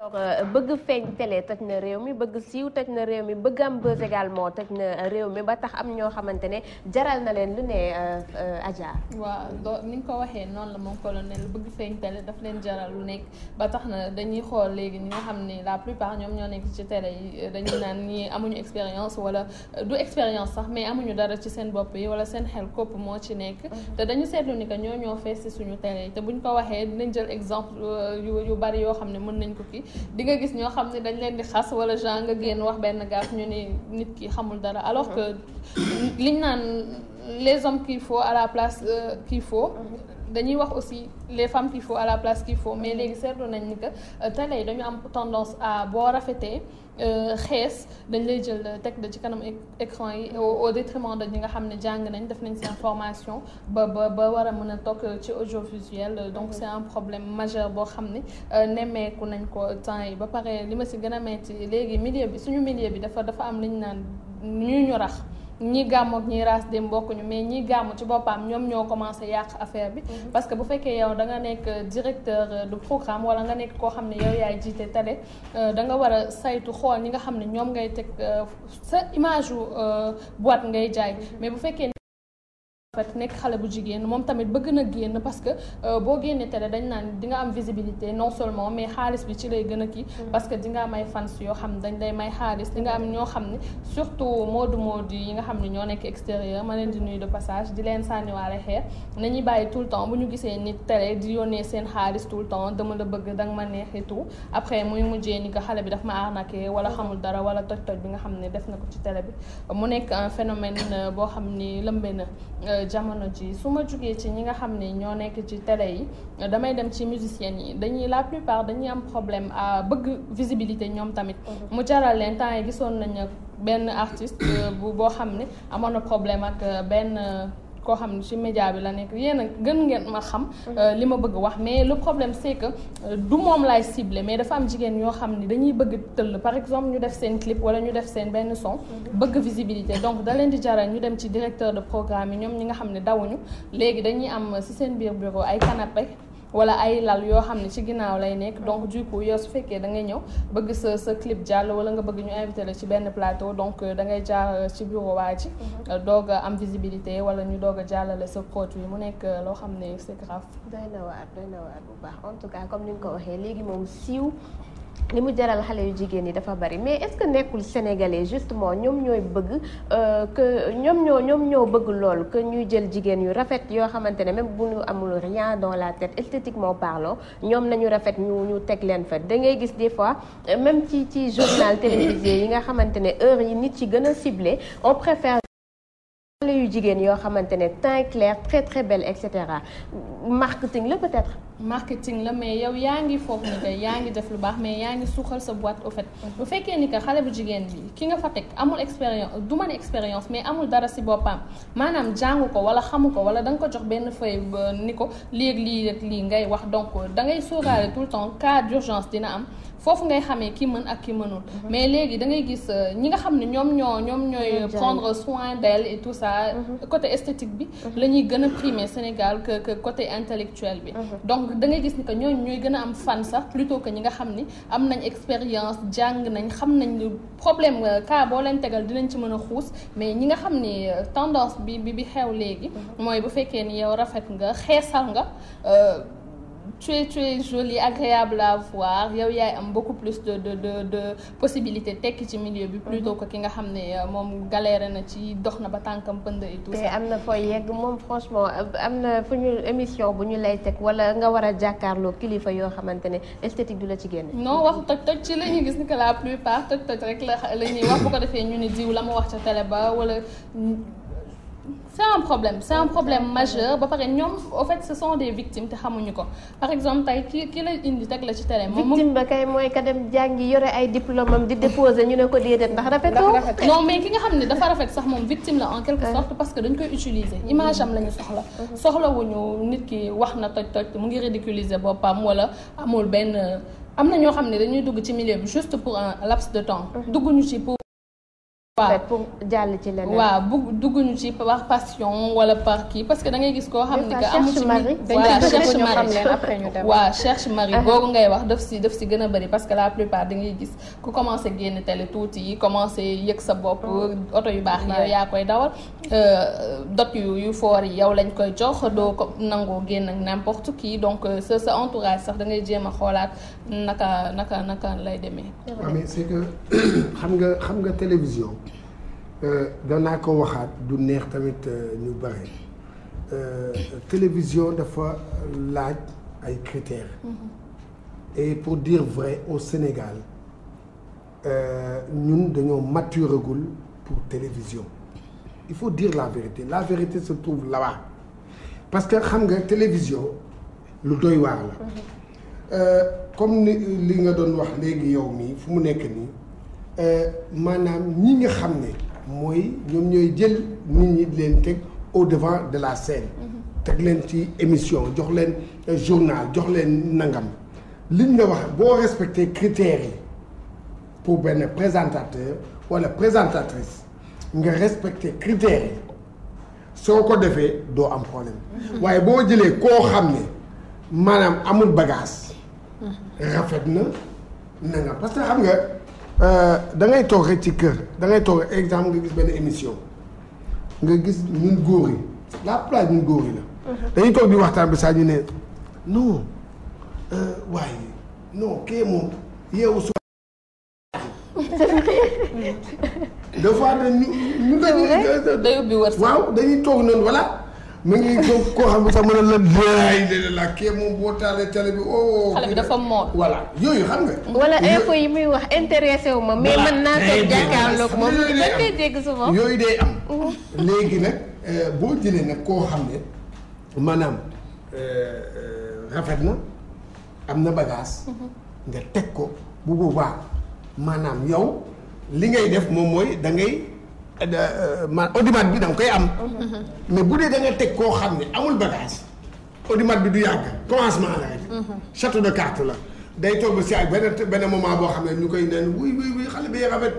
alors eh, bëgg feeñ télé toj na réew mi bëgg siiw toj na réew mi bëgg am buzz également toj na réew mi ba tax am ñoo xamante ne jaral na leen lu ne eh, eh, Adja. waaw doo ni ñu ko waxee noonu la moom colonel bëgg feeñ télé daf leen jaral lu nekk ba tax na dañuy xool léegi ñi nga xam ne la plupart ñoom ñoo nekk ci télé yi dañu naan ñi amuñu expérience wala du expérience sax mais amuñu dara ci seen bopp yi wala seen xel kopp moo ci nekk. Mhm. te dañu seetlu ni que ñoo ñoo fees si suñu télé yi buñ ko waxee dinañ jël exemple yu yu bari yoo xam ne mën nañ ko kii. di nga gis ñoo xam ne dañ leen di xas wala genre nga génn wax benn gaaf ñu ni nit ki xamul dara alors mhm. que liñ naan les hommes qu'il faut à la place euh, qu'il faut mhm. dañuy wax aussi les femmes qu'il faut à la place qu'il faut mais léegi seetlu nañ ni que euh, télé yi dañu am tendance à boo rafetee euh, xees dañ lay jël euh, teg da ci kanam écran yi au détriment de ñi nga xam ne jàng nañ def nañ seen formation ba ba ba war a mën a toog ci audiovisuel donc c'est un problème majeur boo xam ne nemmeeku nañ ko temps yi ba pare li ma si gën a metti léegi milieu bi suñu milieu bi dafa dafa am li ñu naan ñuy ñu rax ñi gàmm ak ñi raas dem bokkuñu mais ñi gàmm ci boppam ñoom ñoo commencé yàq affaire bi. Mhm. parce que bu fekkee yow danga nekk directeur euh, de programme wala nga nekk koo xam ne yow yaay jiite télé euh, danga nga war a saytu xool ñi nga xam ne ñoom ngay teg euh, sa image boîte ngay jaay mhm. mais bu fekkee parce que nekk xale bu jigéen moom tamit bëgg na génn parce que euh, boo génnee télé dañ naan di nga am visibilité non seulement mais xaalis bi ci lay gën a kii mm. parce que di may am ay fans yoo xam ne dañ lay may xaalis di nga am ñoo xam ne surtout moodu moodu yi nga xam ne ñoo nekk extérieur ma leen di nuyu de passage di leen sànniwaale xeer nañuy bàyyi tout le temps bu ñu gisee nit télé di yónnee seen xaalis tout le temps dama la bëgg danga ma neex et tout après ni xale bi daf ma arnaqué wala xamul dara wala toj bi nga xam ne def na ko ci télé bi mu nekk un phénomène euh, boo xam ni lëmbe na euh, jamono ji su ma jugee ci ñi nga xam ne ñoo nekk ci télé yi damay dem ci musiciens yi dañuy la plupart dañuy am problème bëgg visibilité ñoom tamit mhm. mu jaral leen temps yi gisoon nañ benn artist euh, boo xam ne amoon na problème ak euh, benn koo xam ne ci média bi la nekk yéen a gën ngeen ma xam. Mhm. Euh, li ma bëgg wax mais lu problème c'est que euh, du moom laay cible mais dafa am jigéen yoo xam ni dañuy bëgg tëll par exemple ñu def seen clip wala ñu def seen benn son. Mhm. bëgg visibilité donc da leen di jaral ñu dem ci directeur de programme yi ñoom ñi nga xam ne dawuñu léegi dañuy am euh, ci seen biir bureau ay canapé. wala ay lal yoo xam ne ci ginnaaw lay nekk donc du coup su fekkee da ngay ñëw bëgg sa sa clip jàll wala nga bëgg ñu invité la ci benn plateau donc euh, da ngay jaar euh, ci bureau waa ji mhm. euh, doog a am visibilité wala ñu doog a jàllale sa produit mu nekk loo xam ne c'est grave doy na waar doy na waar bu baax en tout comme ni nga ko waxee léegi moom siiw li mu jaral xale yu jigéen ñi dafa bari mais est que nekkul sénégalais justement ñoom ñooy bëgg euh, que ñoom ñoo ñoom ñoo bëgg lool que ñuy jël jigéen yu rafet yoo xamante ne même bu ñu amul rien dans la tête esthétiquement parlant ñoom nañu rafet ñu ñu teg leen fa da ngay gis des fois euh, même ci ci journal télévisé yi nga xamante ne heure yi nit ci gën a ciblé on préfère xale yu jigéen yoo xamante ne teint clair très très belle et cetera marketing la peut-être. marketing la mais yow yaa ngi foofu ni yaa ngi def lu baax mais yaa ngi suuxal sa boîte au fait bu fekkee ni que xale bu jigéen bi ki nga fa teg amul expérience du man expérience mais amul dara si boppam maanaam jàng ko wala xamu ko wala danga ko jox benn feuille ni ko lii lii ak lii ngay wax donc da ngay sóoraale tout le temps cas d'urgence dina am. foofu ngay xamee ki mën ak ki mënul mhm. mais léegi da ngay gis euh, ñi nga xam ne ñoom ñoo ñoom ñooy prendre soin d'elle et tout ça mhm. côté esthétique bi mhm. la ñuy gën a primé Sénégal que que côté intellectuel bi donc da ngay gis ni que ñooñu ñooy gën a am fan sax plutôt que ñi nga xam ni am nañ expérience jàng nañ xam nañ problème euh, cas boo leen tegal dinañ ci mën a xuus mais ñi nga xam ni euh, tendance bi bi bi xew léegi mooy bu fekkee ni yow rafet nga xeesal nga tu es tu es jolie à voir yow yaay am beaucoup plus de de de possibilité tekki ci milieu bi. plutôt mhm. que ki nga xam ne euh, moom galère na ci dox na ba tànkam pënd et tout ça. am na foo yegg moom franchement euh, am na fu ñu émission bu ñu lay teg wala nga war a jàkkaarloo kilifa yoo xamante ne esthétique du la ci génne. non waxu toj toj ci la ñuy gis ni que la plupart toj toj rek la la ñuy wax bu ko defee ñu ne diw la ma wax ca télé ba wala. c' est un problème c' est un problème majeur ba pare ñoom au fait ce sont des victimes te xamuñu ko par exemple tey ki ki la indi teg la ci télé. moom victime ba kay mooy ka dem jàngi yore ay diplôme am di déposer ñu ne ko déedéet ndax rafetoo. non mais ki nga xam ne dafa rafet sax moom victime la en quelque ah. sorte parce que dañ koy utiliser image am la ñu soxla. Mhm. soxlawuñu nit ki wax na toj toj mu ngi ridiculiser boppam wala amul benn am na ñoo xam ne dañuy dugg ci milieu bi juste pour un laps de temps. Mhm. dugguñu ci pour. waaw pour jàll ci leneen. waaw bu dugguñu ci par passion wala par kii parce que da ngay gis koo xam ni que amu ci mari voilà cherche mari waaw cherche uh-huh. ngay wax def si def si gën a bëri parce que la plupart da ngay gis ku commencé génn télé tuuti yi commencé yëg sa bopp uh-huh. oto yu baax yi yaa koy dawal euh, dot yu yu foor yi yow lañ koy jox doo ko nangoo génn ak n'importe qui donc euh, sa sa entourage sax da ngay jéem a xoolaat naka naka naka lay demee xam nga xam nga télévision Euh, danaa ko waxaat du neex tamit euh, ñu bëri euh, télévision dafa laaj ay critères mm-hmm. et pour dire vrai au Sénégal ñun dañoo maturagul pour télévision il faut dire la vérité la vérité se trouve là-bas parce que xam nga télévision lu doy waar la mm-hmm. comme ni li nga doon wax léegi yow mii fu mu nekk nii maanaam ñi nga xam ne mooy ñoom ñooy jël nit ñi leen teg au devant de la scène. teg leen ci émission jox leen journal jox leen nangam liñ nga wax boo respecté critères yi pour benn présentateur wala présentatrice nga respecté critères yi soo ko defee doo am problème waaye boo jëlee koo xam ni maanaam amul bagage rafet na nangam parce que xam nga. Euh, dangay toog rek ci kër da ngay toog exemple nga gis benn émission nga gis ñun góor la plupart ñun góor yi la. Mhm. dañuy toog di waxtaan bi saa ñu ne non euh, waaye non kii yeewu su. des fois dañuy. ñu dañuy waaw dañuy toog noonu voilà. mi ngi koo xam ne sax mën na la lay la kii moom boo taalee télé bi oh. oh xale bi dafa moom voilà yooyu xam nga. wala info yi muy wax intéressé wu ma. mais mën naa toog jàkkaarloog moom. mën koy dégg souvent yooyu day am. Mhm. léegi nag euh, boo jëlee nag koo xam ne maanaam euh, euh, rafet na am na bagage. Mhm. nga teg ko bu boobaa maanaam yow li ngay def moom mooy da Euh, man audimat bi danga koy am. mais bu dee da teg koo xam ne amul bagage. audimat bi du yàgg commencement la rek. château de carte la. day toog si ak benn benn moment boo xam ne ñu koy neen wuy wuy wuy xale bi rafet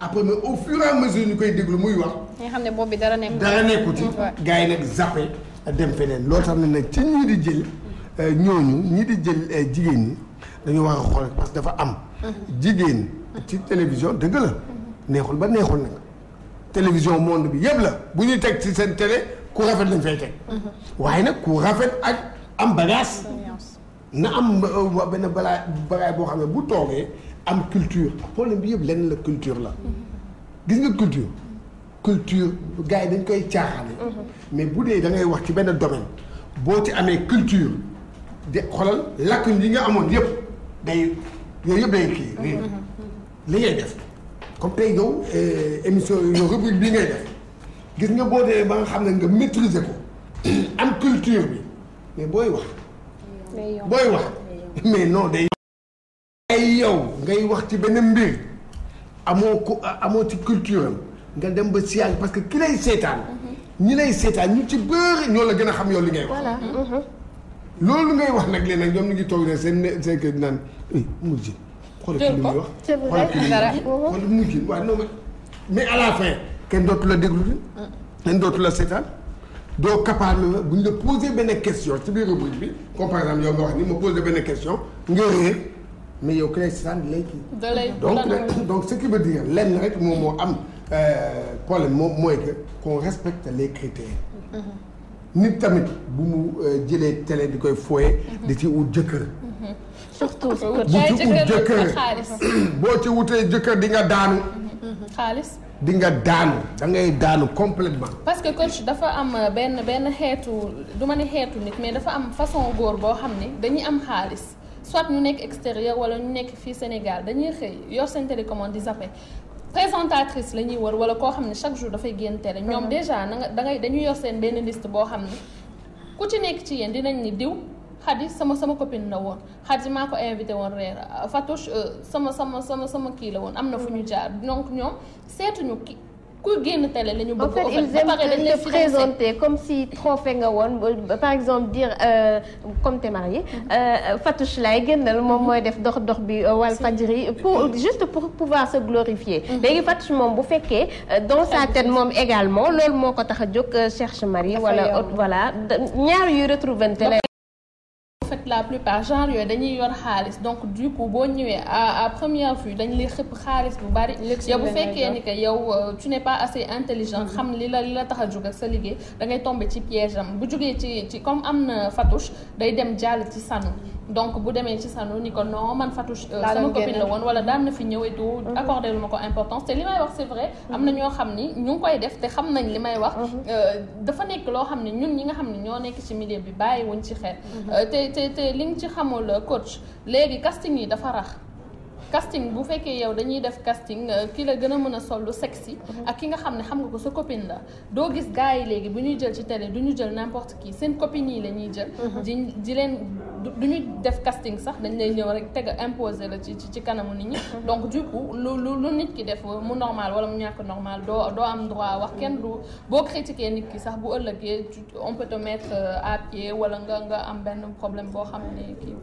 après mais au fur et ñu koy déglu muy wax. nga xam ne boobu bi dara nekkul dara nekkul ci. gars yi nag zappé dem feneen loo tax na nag ci ñii di jël euh, ñooñu ñii di jël euh, jigéen ñi dañu wax a xool parce que dafa am. Mm-hmm. jigéen ci télévision dëgg la neexul ba neexul nag. télévision monde bi yëpp la bu ñu teg ci seen télé ku rafet lañ fay teg. waaye nag ku rafet ak am bagage. na am euh, benn balaa bagaay boo xam ne bu toogee am culture problème bi yëpp lenn la culture la. gis nga culture. culture gars yi dañ koy caaxaane. mais bu dee da ngay wax ci benn domaine boo ci amee culture de xoolal lakk yi nga amoon yëpp day yooyu yëpp day kii. Mm-hmm. li ngay def. comme tey yow eh, émission yow rubrique bii ngay def gis nga boo dee ba nga xam ne nga maîtriser ko am culture bi mais booy wax. booy wax mais non day. yow ngay wax ci benn mbir amoo ko amoo ci culture am nga dem ba siyaag parce que ki lay seetaan. ñi lay seetaan ñu ci bëri ñoo la gën a xam yow li ngay wax. loolu ngay wax nag léegi nag ñoom ñu ngi toog ne seen seen kër naan eh, xoolal li muy wax xoolal li muy wax mais à la fin kenn dootu la déglu mm. kenn dootu la seetaan doo capable la bu ñu la posé benn question ci biir rubrique bi comme par exemple yow nga wax benn question nga réer mais yow ki lay seetaan lay kii. donc donc ce qui veut dire lenn rek moom moo am euh, problème moom mooy que kon respecte le critères. Mm-hmm. nit tamit bu mu euh, jëlee télé di koy fooye mm-hmm. di ci ut jëkkër. Mm-hmm. surtout jëkkër boo ci wutee jëkkër di daanu. xaalis. di nga daanu da ngay daanu complètement parce que coach dafa am euh, benn benn xeetu du ma ne xeetu nit mais dafa am façon góor boo xam ne dañuy am xaalis soit ñu nekk extérieur wala ñu nekk fii Sénégal dañuy xëy yor seen télécommande di zappé présentatrice la ñuy wër wala koo xam ne chaque jour dafay génn télé ñoom mhm. déjà na dangay da yor seen benn liste boo xam ne ku ci nekk ci yéen dinañ ni diw. Khady sama sama copine la woon Khady maa ko invité woon reer Fatouche euh, sama sama sama sama kii la woon am na fu ñu jaar donc ñoom seetuñu ki ku génn télé la ñu bëgg. en fait ils aiment te présenter comme si trophée nga woon par exemple dire euh, comme t'es marié mhm. euh, Fatouche laay génnal moom mhm. mooy def dox dox bi euh, Walfadjri pour mhm. juste pour pouvoir se glorifier. léegi Fatouche moom bu fekkee euh, dans sa moom également loolu moo ko tax a jóg cherche mari wala voilà ñaar yuy retrouver télé la plupart genre yooyu dañuy xaalis donc du coup boo ñëwee à à première vue dañ lay xëpp xaalis bu bari yow bu fekkee ni que yow euh, tu n'es pas assez intelligent mm-hmm. xam li la li la tax a jóg ak sa liggéey da ngay tomber ci piège am bu jógee ci ci comme am na fatouche day dem jàll ci sanu donc bu demee ci sanu ni ko non man Fatou euh, sama copine la woon wala daan na fi ñëw et tout mhm. accordé lu ma ko importance te li may wax c'est vrai am na ñoo xam ni ñu ngi koy def te xam nañ li may wax mhm. euh, dafa nekk loo xam ne ñun ñi nga xam ne ñoo nekk ci milieu bi bàyyi wuñ ci xel mhm. euh, te te te li nga ci xamul coach léegi casting yi dafa rax casting bu fekkee yow dañuy def casting euh, ki la gën a mën sol lu sexy mhm. ak ki nga xam ne xam nga ko sa copine la doo gis gars yi léegi bu ñuy jël ci télé du ñu jël n'importe qui seen copines yi la ñuy jël mhm. di di leen du ñu def casting sax dañ lay ñëw rek teg a imposé la ci ci kanamu ni ñi mhm. donc du coup lu lu nit ki def mu normal wala mu ñàkk normal doo doo am droit wax kenn du boo critiquer nit ki sax bu ëllëgee on peut te mettre euh, à pied wala nga nga am benn problème boo xam ne kii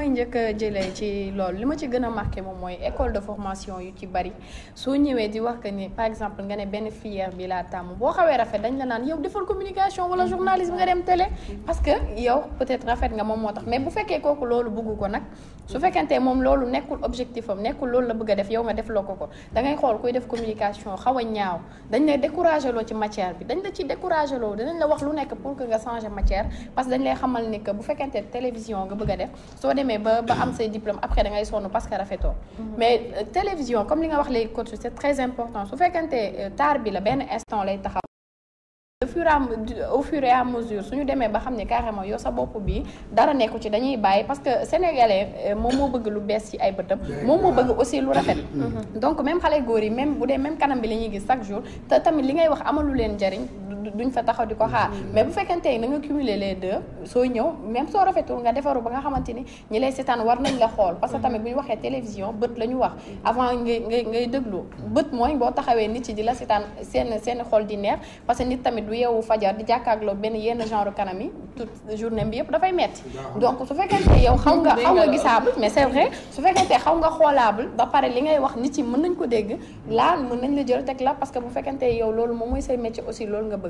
may njëkk a ci loolu li ma ci gën a marqué moom mooy école de formation yu ci bari soo ñëwee di wax que ni par exemple nga ne benn filière bi laa tàmm boo xawee rafet dañ la naan yow defal communication wala mm-hmm. journalisme nga dem télé. parce que yow peut-être rafet nga moom moo tax mais bu fekkee kooku loolu bëggu ko nag su mm-hmm. fekkentee moom loolu nekkul objectif am nekkul loolu la bëgg a def yow nga def loo ko ko da ngay xool kuy def communication xaw a ñaaw dañ lay loo ci matière bi dañ la ci découragé loo dinañ la wax lu nekk pour que nga changer matière parce que dañ bu fekkente télévision nga bëgg a def soo demee demee ba am say diplôme après da ngay sonn parce rafetoo mhm. mais euh, télévision comme li nga wax léegi coach c'est très important su fekkente euh, taar bi la benn instant lay taxaw au fur et à au mesure suñu demee ba xam ne carrément yow sa bopp bi dara nekku ci dañuy bàyyi parce que sénégalais euh, moom moo bëgg lu bees ci ay bëtam moom moo bëgg aussi lu rafet mm-hmm. Mm-hmm. donc même xale góor yi même bu dee même kanam bi la ñuy gis chaque jour te tamit li ngay wax amalu leen njariñ duñ fa taxaw di ko xaar mm-hmm. mais bu fekkente ni da nga cumuler les deux soo ñëw même soo rafetul nga defaru ba nga xamante ni ñi lay seetaan war nañ la xool parce que tamit bu waxee télévision bët la ñu wax avant ngay ngay ngay déglu bët mooy boo taxawee nit ci di la seetaan seen seen xool di neex du yeewu fajar di jàkkaarloo benn yenn genre kanam yi toute journée bi yëpp dafay metti donc su fekkente yow xaw nga xaw nga gisaable mais c'est vrai su fekkente xaw nga xoolaable ba pare li ngay wax nit yi mën nañ ko dégg laal mën nañ la jël teg la parce que bu fekkente yow loolu moom mooy say métier aussi loolu nga bëgg